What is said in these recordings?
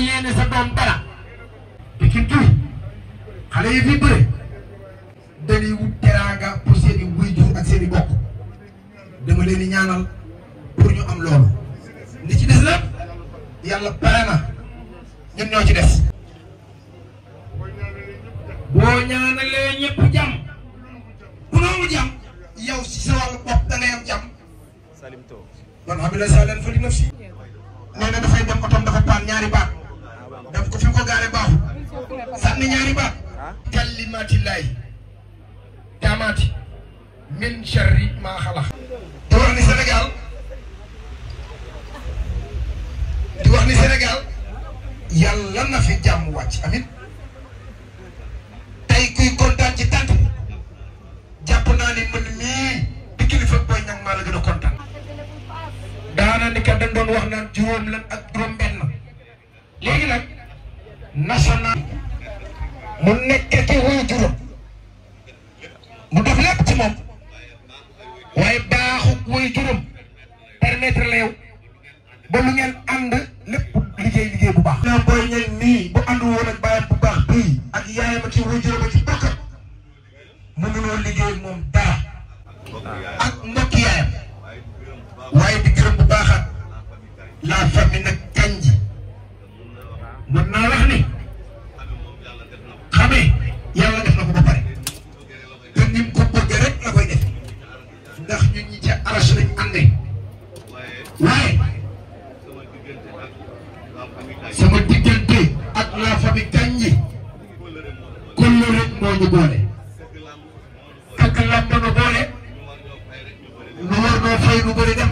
yéene sa doom dara Pikine gi xale yi fi bëre dañuy wut teraanga pour seen i waajur ak seen bokk dama leen di ñaanal pour ñu am loolu li ci des lépp yàlla pare na ñun ñoo ci des boo ñaanalee ñëpp jàmm ku noomu jàmm yow si sa bopp da am jàmm man xam nga fa li naf si gaare baaxu sànni ñaari baat ah. kalimatillahi taamaati min sharri maa xalax di wax ni Sénégal di wax ni Sénégal yàlla na fi jàmm wàcc amin tey kuy kontaan ci tànt bi jàpp naa ni man mii di kilifa booy ñag maa la gën a kontaan daana ni ka dañ wax naan juróom lan ak juróom mu nekkee mu def lépp ci moom waaye baaxu wuy juróom permettre la yow ba lu ngeen ànd lépp liggéey liggéey bu baax. ñoom booy ñeeg nii bu ànd woon ak baayam bu baax bii ak yaayam ci wuy juróom ci bokkam mu mënoo liggéey moom ak làmb nu boole nu war noo fay nu bëri dem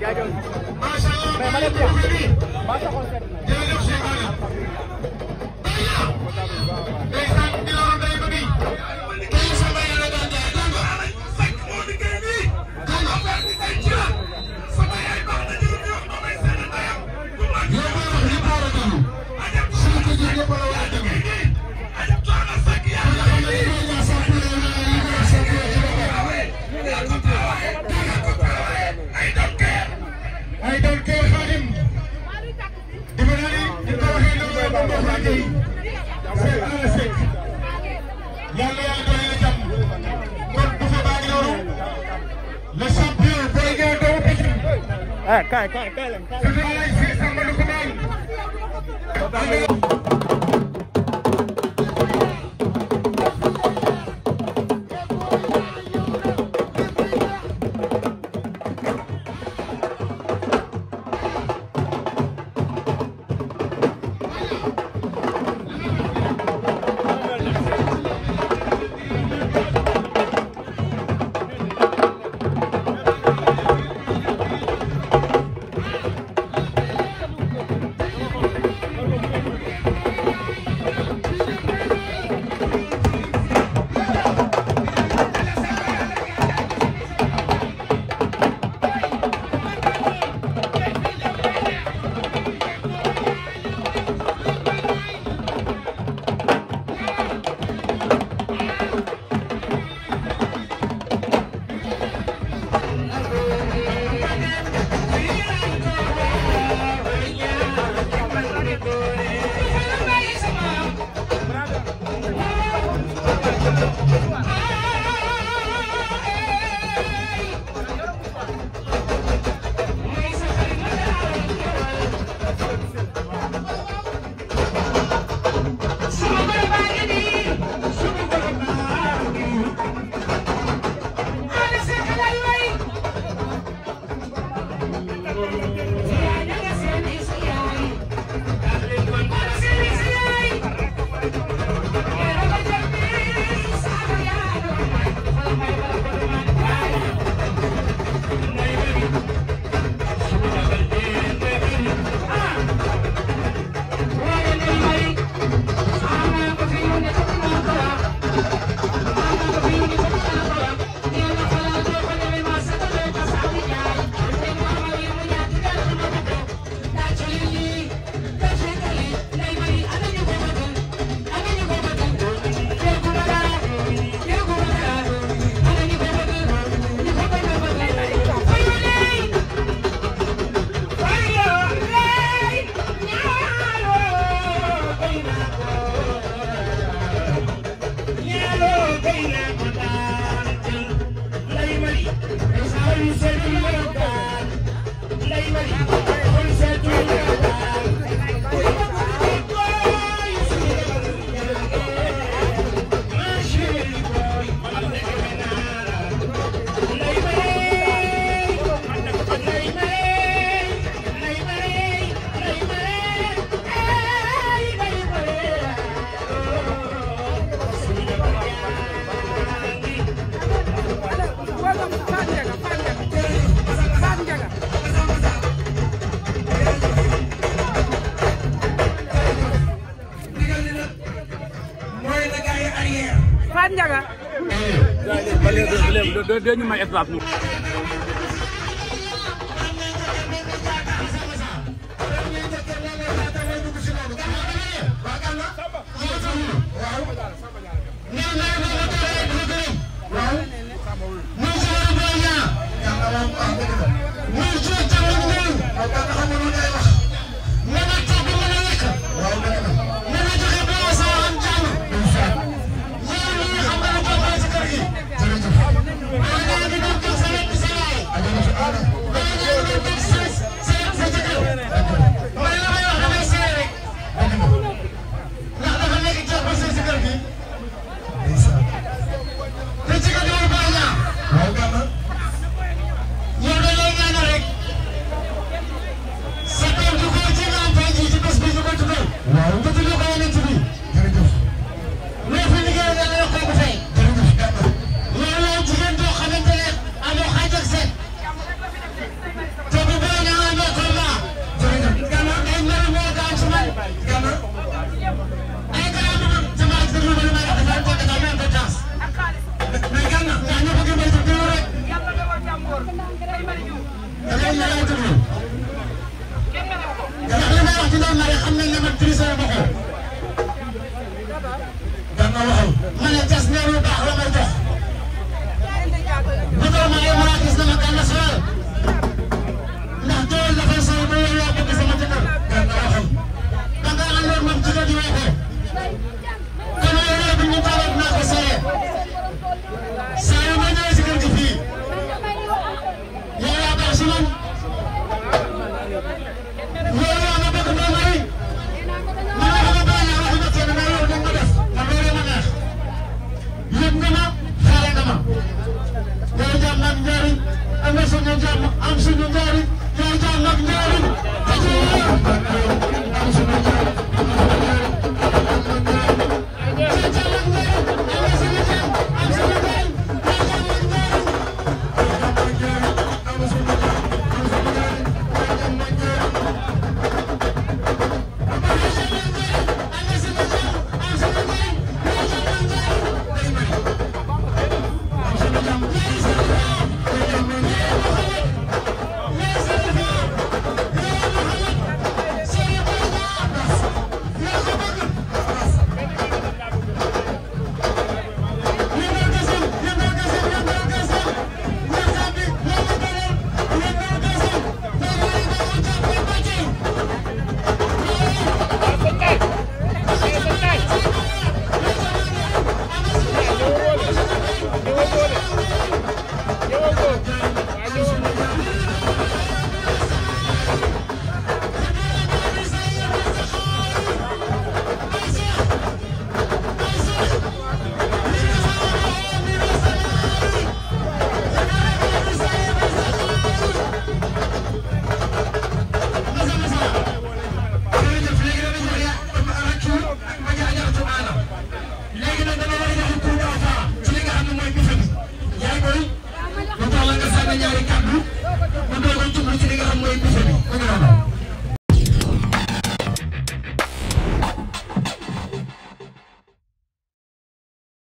jaajëf mais ma dem ca ma soxal seen eh kaay kaay kaay leen dañu may espace am suñu